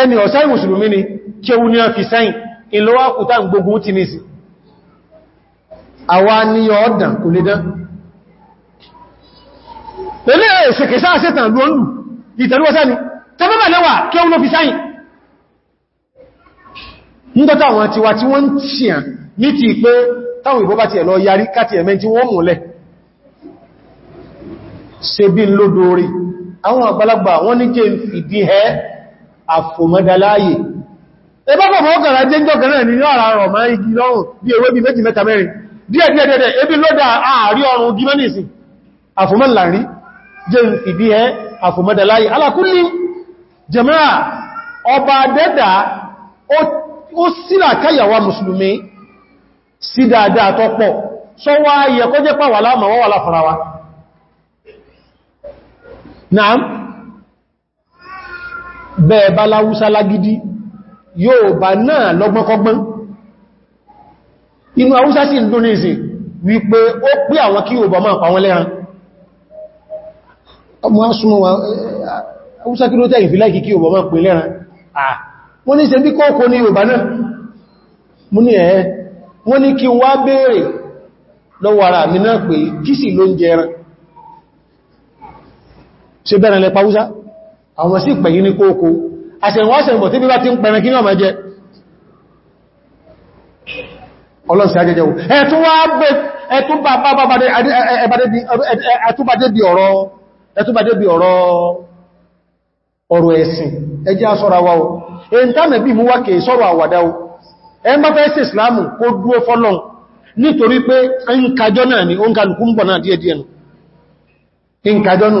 [SPEAKER 1] ẹni ọ̀sáì mùsùlùmí ni kí ewu ní ọkì sáyìn ìlọ́wà kùtà gbogbo ti ní sí àwa ní ọ̀dàn kò lè dán pẹ̀lẹ́ ìṣẹ̀kẹ̀ṣá àṣẹ́tàn ló ń fi ti ṣe bí lódóorí àwọn àgbàlagbà wọ́n ní kí n fìdí àfòmọ́dáláyè ẹbọ́bọ̀ fọ́kànlá jẹ́ jọ́kẹ̀rẹ́ ní ọ̀rà rọ̀ máa igi lọ́rùn bí ewé bí méjì mẹ́ta mẹ́rin díẹ̀díẹ̀dẹ̀ ebi lọ́dà ààrí ọrùn gímẹ́nìsì àfòmọ́lárí jẹ́ ìdí ẹ àfòmọ́dáláyè alákúlí jẹ́mẹ́ra ọba dẹ́dà ó sílà káyàwá mùsùlùmí sí dáadáa tọ́pọ̀ sọ wá yẹ kó jẹ́ pàwàlá màwọ́wàlá farawa Naam bẹ́ẹ̀ bá láwúsá lágídí yóò bá náà lọ́gbọ́nkọ́gbọ́n inú àwúsá sí ìlú ní ìsìn wípé ó pé àwọn kí yóò bá máa pa wọn lẹ́ran ọmọ asúnmọ́ àwúsá kí ló tẹ́ ìfìlá kí yóò bá máa pè lẹ́ran wọ́n ní ṣe bí kọ́ọ̀kọ́ ní Yorùbá náà mú ní lẹ́pàá wúsá àwọn sí pẹ̀yìn ní kóòkó àṣẹ̀wọ́sẹ̀mọ̀ tí bí bá ti ń pẹ̀rẹ̀ kí ní ọmọ jẹ́ ọlọ́sẹ̀ ajẹ́jẹ́ ẹ̀túbàdé bí ọ̀rọ̀ ọ̀rọ̀ ẹ̀sìn ẹjẹ́ asọ́ra wa o èyí tàbí bí mú wá kèé sọ́rọ̀ àwàdá o ẹ ń bá fẹ́ sí ìsìláàmù kó dúó fọ́lọ́n nítorí pé ń kàjọ́ náà ni ó ń kàlùkú ń bọ̀ náà díẹ̀díẹ̀ nù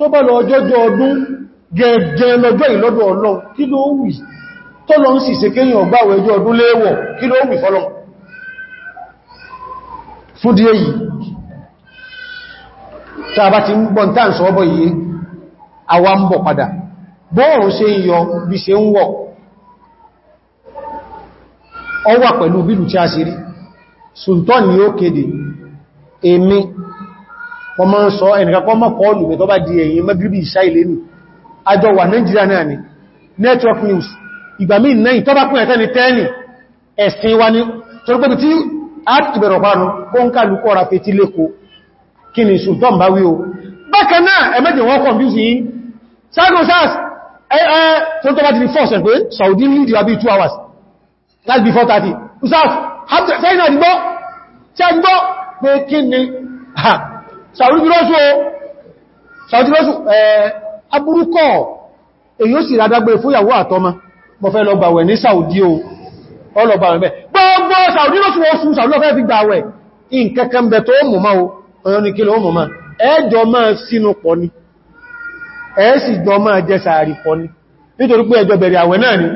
[SPEAKER 1] tó bá lọ ọjọ́jọ́ ọdún gẹ̀ẹ́gẹ́ lọ́jọ́ ìlọ́dọ̀ ọlọ́ kí ló wì tó lọ ń sì se kéyàn ọgbàwẹ̀ ẹjọ́ ọdún léèwọ̀ kí ló wì fún a bá ti ń gbọ́n tá ń yìí wọ́n máa ń sọ ẹnìkàkọ́ mọ́ kọlù mẹ́ tó bá di ẹ̀yìn mẹ́gbìrì ìṣá ilé nì àjọ wà Nigeria náà ni network news ìgbà mí náà tó bá pín ẹ̀tẹ́ni tẹ́ẹ̀nì ẹ̀sìn wa ní torípẹ́bí tí a ti bẹ̀rọ̀ parun kó ń kàlùkọ́ ọ̀rà fetí lẹ́kọ́ kí ni sultan bá wí o bákan náà ẹ̀mẹ́jẹ̀ wọ́n kọ̀mpúsì yìí sago sars ẹ̀ẹ́ tó tó bá ti di force ẹ̀ pé Saudi ní ìdíwà bí 2 hours that's before 30 sars sẹ́yìn àdìgbọ́ pé kí ni ha ṣàrúgbìrọ́sù abúrúkọ́ èyí ó sì rádágbé fúyàwó àtọ́mà mọ́ fẹ́ lọ gbàwẹ̀ ní Saudi o ọlọ́bà rẹ̀ gbogbo Saudi lọ́sù oṣù Saudi lọ́fẹ́ fi gbàwẹ̀ nǹkankan bẹ̀ tó mọ̀ máa ọ̀yọ́ ni kí lọ mọ̀ máa ẹjọ máa sínú pọ̀ ni ẹ̀ẹ́sì jọ máa jẹ sàárì pọ̀ ni nítorí pé ẹjọ bẹ̀rẹ̀ àwẹ̀ náà ni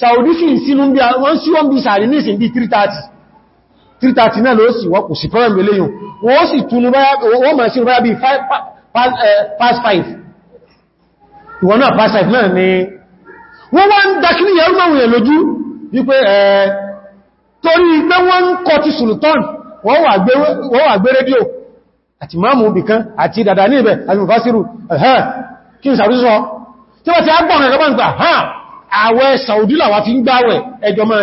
[SPEAKER 1] Saudi sì sínú bí wọ́n sí wọ́n bí sàárì ní ìsìn bí 330 330 náà ló sì wọ́n kò sí fẹ́rẹ̀ mẹ́lẹ́ yìí wọ́n sì túnú wọ́n mọ̀ sí rárá bí pass 5 ìwọ̀n náà pass 5 náà ni wọ́n wá ń dákíní yẹ̀rù máa wùyẹ̀ lójú wípé ẹ̀ eh, torí pé wọ́n ń kọ ti sultan wọ́n wà gbé rédíò àti máàmù bìkan àti dàdà ní ibẹ̀ alìmọ̀fásírù ẹ̀hẹ́ kí n Saudi làwà fi ń gbáwẹ̀ ẹjọ́ máa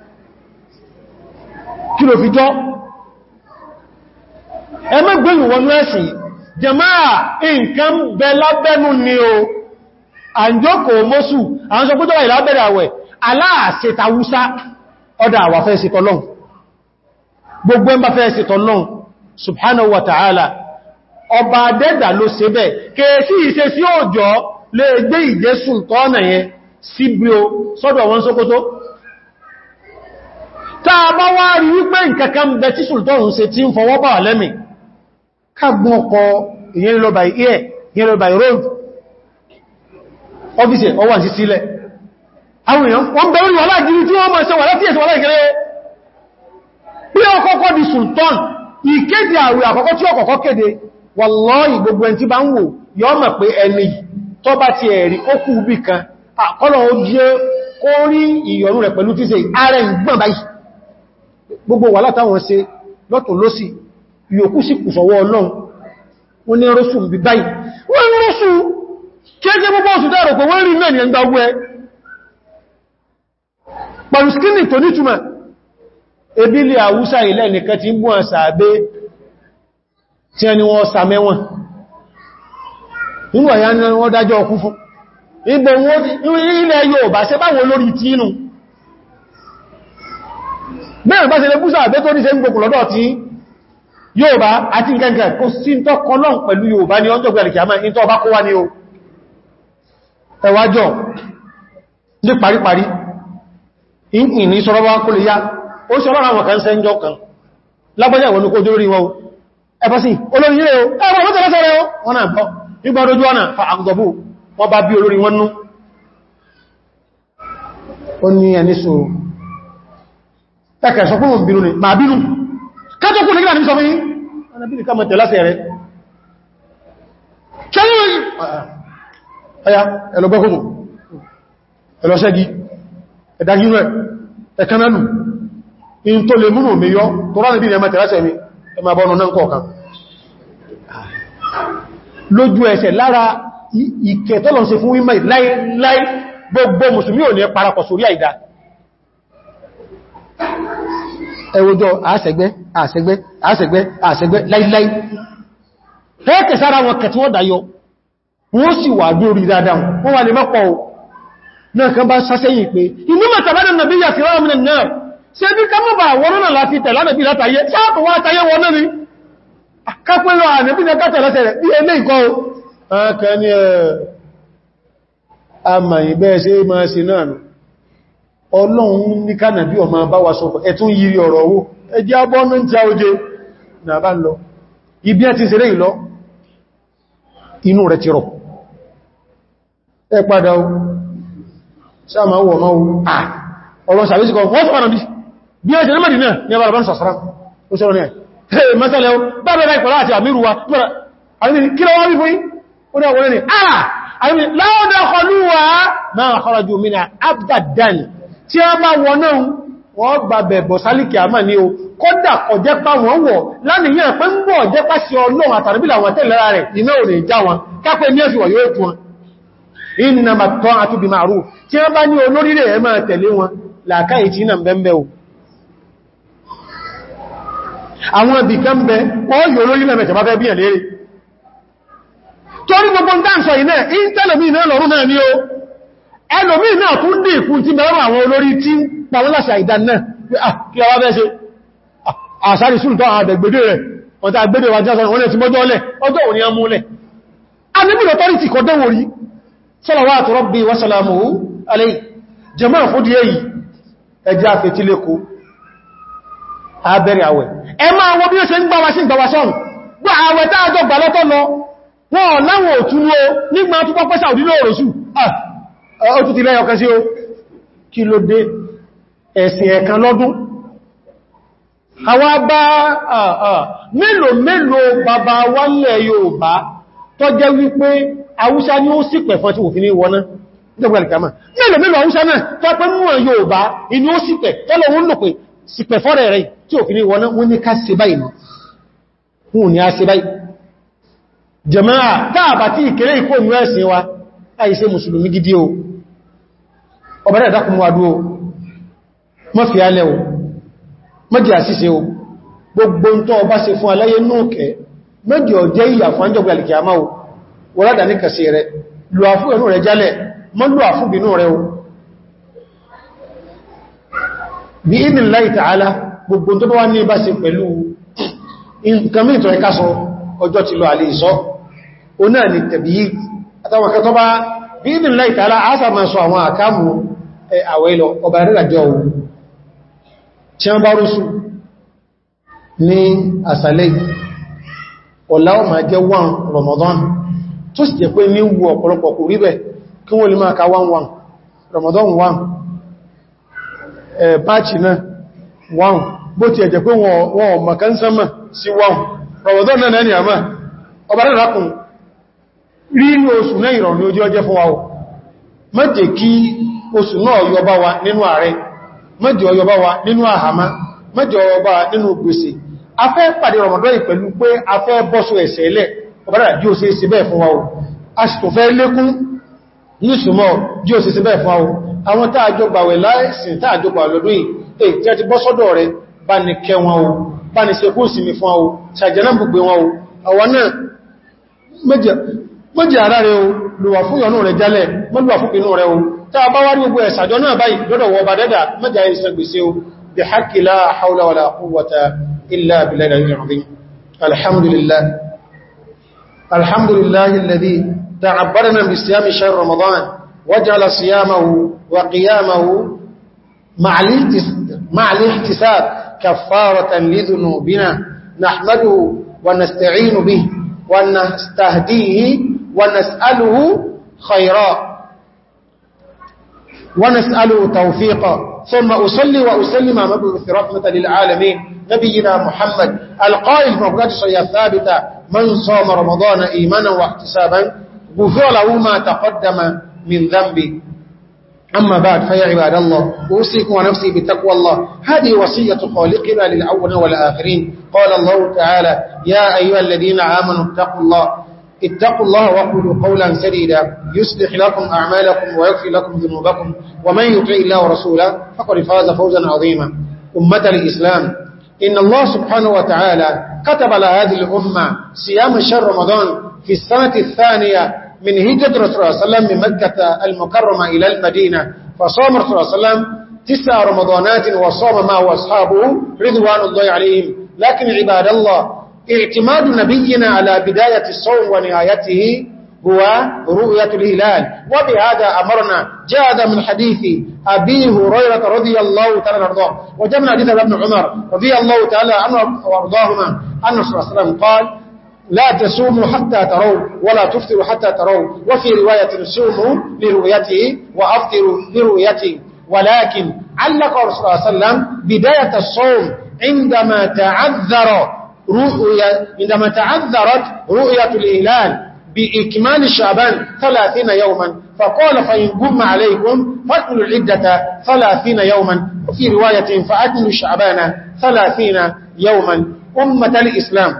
[SPEAKER 1] kí ló fi jọ́ ẹ mẹ́gbẹ̀yìn wọnú ẹ̀sìn jẹmáà nǹkan bẹ lábẹ́nu ni o àjọ́kò mọ́sù àwọn sọ pẹ́jọ́ ìlábẹ̀rẹ̀ àwẹ̀ aláàṣẹtawúsá ọdá àwà fẹ́ sí tọ́lọ́n gbogbo ẹmbà fẹ́ sí tọ́lọ́n subhanahu wa ta'ala ọba dẹ́dà ló ṣe bẹ́ kèèsí ìṣe sí òjò lè gbé ìgbésùn tọ́nà yẹn táa bá wá rí wípé nkankan bẹ tí sultan ṣe tí ń fọwọ́ bà lẹ́mì kágbọ́n ọkọ̀ ìyẹn lọ by air ìyẹn lọ by road ọ́fíìsì ọwà sí sílẹ̀ àwọn èèyàn wọ́n bẹ̀rẹ̀ wọ́n di sultan ìkéde àwẹ̀ àkọ́kọ́ tí ọkọ̀kọ́ kéde wallahi gbogbo ẹn tí bá ń wò yọ́ mọ̀ pé ẹni tó bá ti ẹ̀rí ó kú bí kan kó rí ìyọ̀nú rẹ̀ pẹ̀lú tí ṣe ààrẹ ìgbọ̀n báyìí gbogbo wà látàwọn se, lọ́tún lọ́sì yòókù sí kùsọ̀wọ́ ọlọ́run wọ́n ní rọ́sù bí báyìí wọ́n ni rọ́sù kéèkéé gbogbo ọ̀sù dáàrọ̀ pé wọ́n rí náà ní ẹgbà ọgbẹ́ pẹ̀lú skínì tó nítùmà ebílẹ̀ àwúsá ilẹ̀ nìkan ti ń bú àṣà àbé tí ẹni wọ́n sà mẹ́wọ̀n bẹ́ẹ̀ bá ṣe lè búsà àbẹ́ tó ní ṣe ń gbogbo lọ́dọ̀ tí Yorùbá àti nǹkan kò sí tọ́ kọlọ́n pẹ̀lú Yorùbá ní ọjọ́ gbẹ̀rẹ̀ kìí àmà ní tọ́ bá kó wá ní o ẹwàjọ́ ní paríparí ìkìn ní sọ́rọ́wá kó lè yá ó ṣe ọlọ́rọ̀ àwọn kan sẹ́ ń jọ kan lágbọ́jẹ́ ìwọ̀n kó dórí wọn ẹbọ́ fa àgọ́bù wọ́n bá bí olórin wọn ẹkẹ̀ sọ fún òbínú ni máa bínú kẹtọ́ kú nígbà ní sọ fún yí anábìnì ká mọ̀tẹ̀ lásẹ̀ rẹ̀ kẹrìnrìn ẹ̀yà ẹlọgbẹ́kùnù ẹlọ́ṣẹ́gi ẹ̀dàgínú ẹ̀ ẹ̀kanánù in tó lè múnù mi yọ tó rán ìbìnrin ẹmọ̀tẹ̀ lásẹ̀ mi lójú ẹsẹ̀ lára ìkẹtọ́lọ̀ sí fún wímẹ̀ láìláì gbogbo mùsùlùmí ò ní parapọ̀ sórí àìdá ẹwọ́jọ́ àṣẹgbẹ́ àṣẹgbẹ́ àṣẹgbẹ́ àṣẹgbẹ́ láìláì ẹ́ẹ̀kẹ̀ sára wọn kẹ̀ tí wọ́n dáyọ wọ́n sì wà lórí dáadáa wọ́n wà lè mọ́pọ̀ náà na bá sásẹ́yìn mọ́ bà na kátà lọ́sẹ̀ rẹ̀ bí ẹlé ìkọ́ ọkàn ọlọ́run ní kánàbí ọmọ bá wa sọpọ̀ ẹ̀tún yìí ọ̀rọ̀ owó ẹjẹ́ abọ́nú tí a oje na bá ń lọ ibi ẹ̀ ti ṣeré ìlọ inú rẹ̀ ti rọ̀ ẹ padà o sáàmà wọ̀ máa o à àwọn ẹni àà àwọn láwọn dákọlúwà máa kọ́rọ̀ jù mí na abdadan tí a bá wọ náà wọ́n gbàbẹ̀ bọ̀ sálìkì àmà ní o kọ́dà ọjẹ́ pa wọ́n wọ̀ lánìyàn pé ń bọ̀ pa sí àtàríbìlà wọn tẹ́lẹ̀ra rẹ̀ iná ò lè já wọn kápẹ́ ní ẹ̀sùn tún wọn ma àti bí tí a bá ní olórí rẹ̀ máa tẹ̀lé wọn ẹlòmí náà tún dì ìkún tí mẹ́rọ àwọn olórí tí pàwọ́láṣà ìdán náà ah, kí ọwá bẹ́ ṣe àṣàrí súntọ́ àdẹ̀gbèdè rẹ̀ ọ̀tà àgbèdè wà jásọ wọ́n ti mọ́jọ́ ọlẹ̀ ọjọ́ òní amúlẹ̀ anibul authority kọ dẹ́wò rí salawatu rabbi wa salamuhu alayhi jama'a fúdí èyí ẹjẹ́ àfẹ́tílẹ́kọ́ abẹ́rẹ̀ àwẹ̀ ẹ máa wọ bí ó ṣe ń gbáwa sí ìgbàwàsọ́n gbà àwẹ̀ táàjọ gbà lọ́tọ́ lọ wọ́n láwọn òtúnú nígbà tó pọ́pẹ́sà òdílé òròsù ah ó tún ti lẹ́yọ kan sí o kí ló dé ẹ̀sìn ẹ̀kan lọ́dún àwa bá mélòó mélòó bàbá wálẹ̀ Yorùbá tó jẹ́ wípé Haúsá ni ó sì pẹ̀fọn tí wò fi ní wọná nígbàlìkàmà mélòó mélòó Haúsá náà tó pẹ́ mú Yorùbá inú ó sì pẹ̀ tọ́lọ wọn lò pé sì pẹ̀ fọ́rẹ̀ rẹ̀ tí ò fi ní wọná wọ́n ní ká ṣe ni a ṣe báyìí jẹ̀máà táàbà tí ìkéré ìkó ìmú ẹ̀sìn wa àìṣe mùsùlùmí gidi o ọbẹ̀rẹ̀ ìdákùn wádó mọ́ fi alẹ́ o mọ́jì àṣíṣe o gbogbo tó ọba ṣe fún aláyé nóòkẹ́ mọ́jì ọjẹ́ ìyà fún àjọ̀gbà alìkìyàmá o wọ́ládà ní kàṣẹ rẹ̀ lò àfú ẹ̀rù rẹ̀ jálẹ̀ mọ́ lò àfú bínú rẹ̀ o bí ìdìn láì tààlá gbogbo tó ni tẹ̀bí àtàwọn akẹ́tọ́ bí ibi láì tààlá sọ àwọn àkámù àwẹ́ ọba ríràjọ ohun tí wọ́n bá rúsù ní àsàlẹ̀ ọ̀lá ọmọ jẹ́ je Ramadan tó sì jẹ́ pé ní wù ọ̀pọ̀lọpọ̀ kò rí bẹ̀ kí wọ́n lè máa ka wọ́n Ramadan wọ́n báàkì náà 1 bó ti ẹ̀jẹ̀ pé wọ́n ọmọ sí Ramadan náà ní àmà ọba rínú oṣù náà ìrọ̀rùn ojú ọjẹ́ fún wa o má jẹ́ kí oṣù náà yọba wa nínú ààrẹ má jẹ́ ọyọba wa nínú àhàmá má jẹ́ ọyọba wa nínú gbèsè a fẹ́ pàdé Ramadan pẹ̀lú pé a fẹ́ bọ́sù ẹ̀sẹ̀ ilẹ̀ ọ̀bára jí ó ṣeéṣe bẹ́ẹ̀ fún wa o a sì tó fẹ́ lékún ní ìṣùmọ̀ jí ó ṣeéṣe bẹ́ẹ̀ mọ́jì ara rẹ̀ o lùwà fún ìyọnú rẹ̀ jálẹ̀ mọ́lùwà fún inú rẹ̀ o tí a bá wá rí gbogbo ẹ̀sàjọ́ náà báyìí lọ́dọ̀ wọ bá dẹ́dà mẹ́jà ìsìn gbèsè o bí haqqi la hawla wala quwwata illa billahi al-azim
[SPEAKER 2] alhamdulillah
[SPEAKER 1] alhamdulillahi alladhi ta'abbarana bi siyami wa nastahdihi ونسأله خيرا ونسأله توفيقا ثم أصلي وأسلم على مبعوث رحمة للعالمين نبينا محمد القائل مبقاتش يا ثابتة من صام رمضان إيمانا واحتسابا غفر له ما تقدم من ذنبه أما بعد فيا عباد الله أوصيكم ونفسي بتقوى الله هذه وصية خالقنا للعون والآخرين قال الله تعالى يا أيها الذين آمنوا اتقوا الله اتقوا الله وقولوا قولا سديدا يصلح لكم أعمالكم ويغفر لكم ذنوبكم ومن يطع الله ورسوله فقد فاز فوزا عظيما أمة الإسلام إن الله سبحانه وتعالى كتب لهذه الأمة صيام شهر رمضان في السنة الثانية من هجرة رسول الله صلى الله عليه وسلم من مكة المكرمة إلى المدينة فصام رسول الله صلى الله عليه وسلم تسع رمضانات وصام معه أصحابه رضوان الله عليهم لكن عباد الله اعتماد نبينا على بداية الصوم ونهايته هو رؤية الهلال وبهذا أمرنا جاء من حديث أبي هريرة رضي الله تعالى عنه وجاء من حديث ابن عمر رضي الله تعالى عنه وارضاهما أن صلى الله عليه وسلم قال لا تسوموا حتى تروا ولا تفطروا حتى تروا وفي رواية سوموا لرؤيته وأفطروا لرؤيته ولكن علق رسول الله صلى الله عليه وسلم بداية الصوم عندما تعذر رؤية عندما تعذرت رؤية الإلال بإكمال شعبان ثلاثين يوما فقال فإن قم عليكم فأكملوا العدة ثلاثين يوما وفي رواية فأكملوا شعبان ثلاثين يوما أمة الإسلام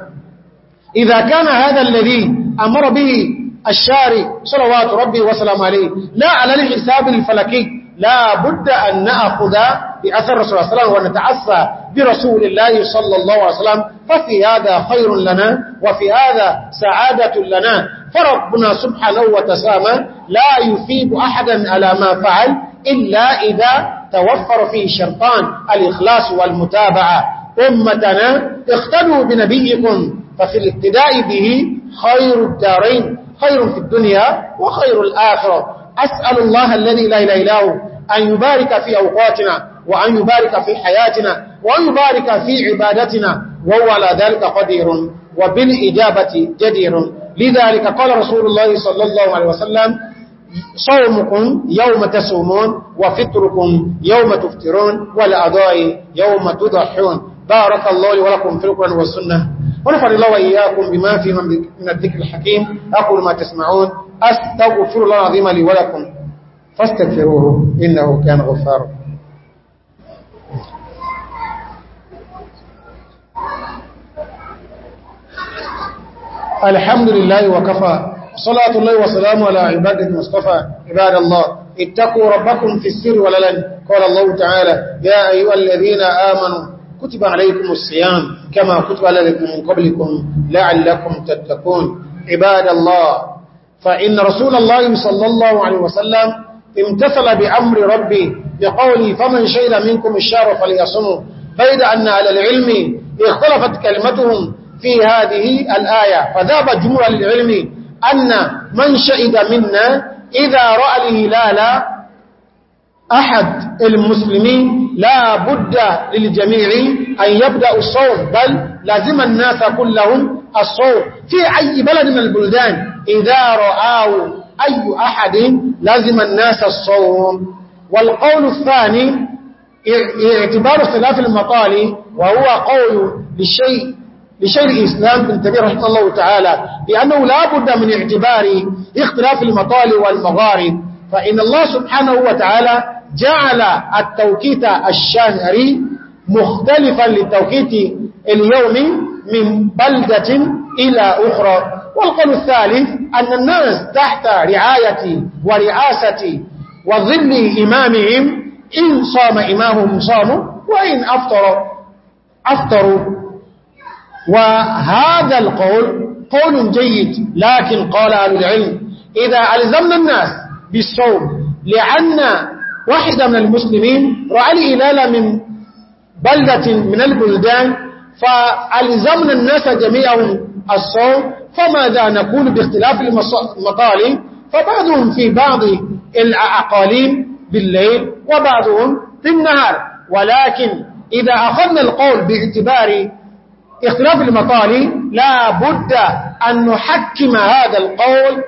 [SPEAKER 1] إذا كان هذا الذي أمر به الشاري صلوات ربي وسلام عليه لا على الحساب الفلكي لا بد أن نأخذ بأثر رسول الله صلى الله عليه وسلم ونتعصى برسول الله صلى الله عليه وسلم ففي هذا خير لنا وفي هذا سعادة لنا فربنا سبحانه وتسامى لا يفيد أحدا على ما فعل إلا إذا توفر فيه شرطان الإخلاص والمتابعة أمتنا اختلوا بنبيكم ففي الاقتداء به خير الدارين خير في الدنيا وخير الآخرة أسأل الله الذي لا إله إلا هو أن يبارك في أوقاتنا وأن يبارك في حياتنا وأن يبارك في عبادتنا وهو على ذلك قدير وبالإجابة جدير لذلك قال رسول الله صلى الله عليه وسلم صومكم يوم تسومون وفطركم يوم تفترون والأضاء يوم تضحون بارك الله لكم ولكم في القرآن والسنة ونفر الله وإياكم بما فيه من الذكر الحكيم أقول ما تسمعون أستغفر الله العظيم لي ولكم فاستغفروه إنه كان غفارا الحمد لله وكفى صلاة الله وسلام على عبادة المصطفى عباد الله اتقوا ربكم في السر وللن قال الله تعالى يا أيها الذين آمنوا كتب عليكم الصيام كما كتب عليكم من قبلكم لعلكم تتقون عباد الله فإن رسول الله صلى الله عليه وسلم امتثل بأمر ربي بقولي فمن شيل منكم الشهر فليصنوا بيد أن على العلم اختلفت كلمتهم في هذه الآية فذاب جمهور العلم أن من شهد منا إذا رأى الهلال أحد المسلمين لا بد للجميع أن يبدأ الصوم بل لازم الناس كلهم الصوم في أي بلد من البلدان إذا رآوا أي أحد لازم الناس الصوم والقول الثاني اعتبار اختلاف المطال وهو قول لشيء لشيء الإسلام بن تيميه رحمه الله تعالى بأنه لا بد من اعتبار اختلاف المطالب والمغارب فإن الله سبحانه وتعالى جعل التوقيت الشهري مختلفا للتوقيت اليومي من بلدة إلى أخرى والقول الثالث أن الناس تحت رعاية ورعاسة وظل إمامهم إن صام إمامهم صاموا وإن أفطر أفطروا وهذا القول قول جيد لكن قال أهل العلم إذا ألزمنا الناس بالصوم لأن واحد من المسلمين رأى الهلال من بلدة من البلدان فألزمنا الناس جميعهم الصوم فماذا نقول باختلاف المطالب فبعضهم في بعض الأقاليم بالليل وبعضهم في النهار ولكن إذا أخذنا القول باعتبار اختلاف المطالب لا بد أن نحكم هذا القول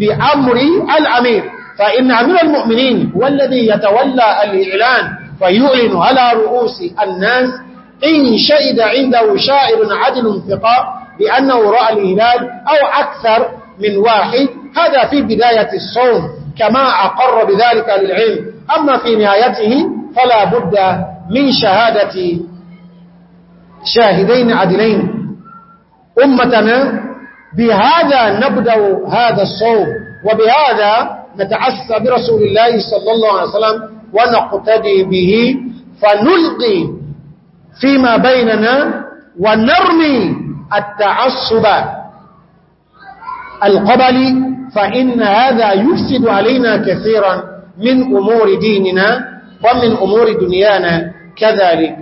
[SPEAKER 1] بأمر الأمير فإن أمير المؤمنين هو الذي يتولى الإعلان فيعلن على رؤوس الناس إن شهد عنده شاعر عدل ثقاء بأنه رأى الإهلال أو أكثر من واحد هذا في بداية الصوم كما أقر بذلك للعلم أما في نهايته فلا بد من شهادة شاهدين عدلين أمتنا بهذا نبدأ هذا الصوم وبهذا نتعسى برسول الله صلى الله عليه وسلم ونقتدي به فنلقي فيما بيننا ونرمي التعصب القبلي فإن هذا يفسد علينا كثيرا من أمور ديننا ومن أمور دنيانا كذلك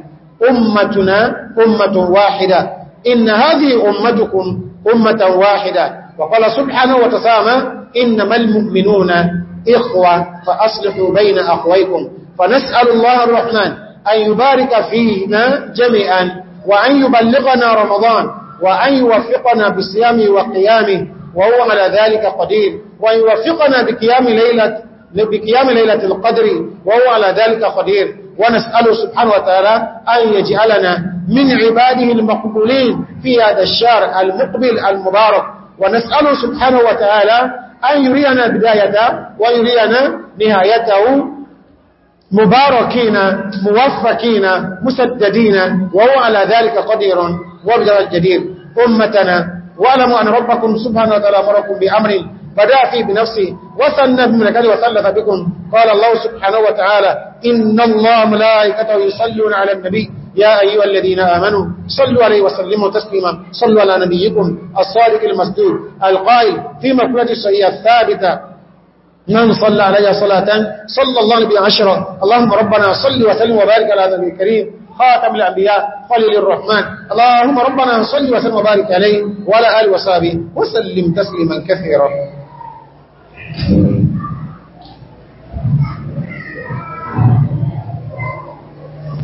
[SPEAKER 1] أمتنا أمة واحدة إن هذه أمتكم أمة واحدة وقال سبحانه وتسامى إنما المؤمنون إخوة فأصلحوا بين أخويكم فنسأل الله الرحمن أن يبارك فينا جميعا وأن يبلغنا رمضان وأن يوفقنا بصيامه وقيامه وهو على ذلك قدير وأن يوفقنا بقيام ليلة بقيام ليلة القدر وهو على ذلك قدير ونسأله سبحانه وتعالى أن يجعلنا من عباده المقبولين في هذا الشهر المقبل المبارك ونسأله سبحانه وتعالى أن يرينا بدايته ويرينا نهايته مباركين موفقين مسددين وهو على ذلك قدير وبجر الجدير أمتنا واعلموا أن ربكم سبحانه وتعالى أمركم بأمر بدأ فيه بنفسه وسنه من كده وسلف بكم قال الله سبحانه وتعالى إن الله ملائكته يصلون على النبي يا أيها الذين آمنوا صلوا عليه وسلموا تسليما صلوا على نبيكم الصادق المسدود القائل في مقلة الشيئة الثابتة من صلى علي صلاة صلى الله نبي عشرة اللهم ربنا صل وسلم وبارك على هذا الكريم خاتم الأنبياء خليل الرحمن اللهم ربنا صل وسلم وبارك عليه وعلى آل وسلم وسلم تسليما كثيرا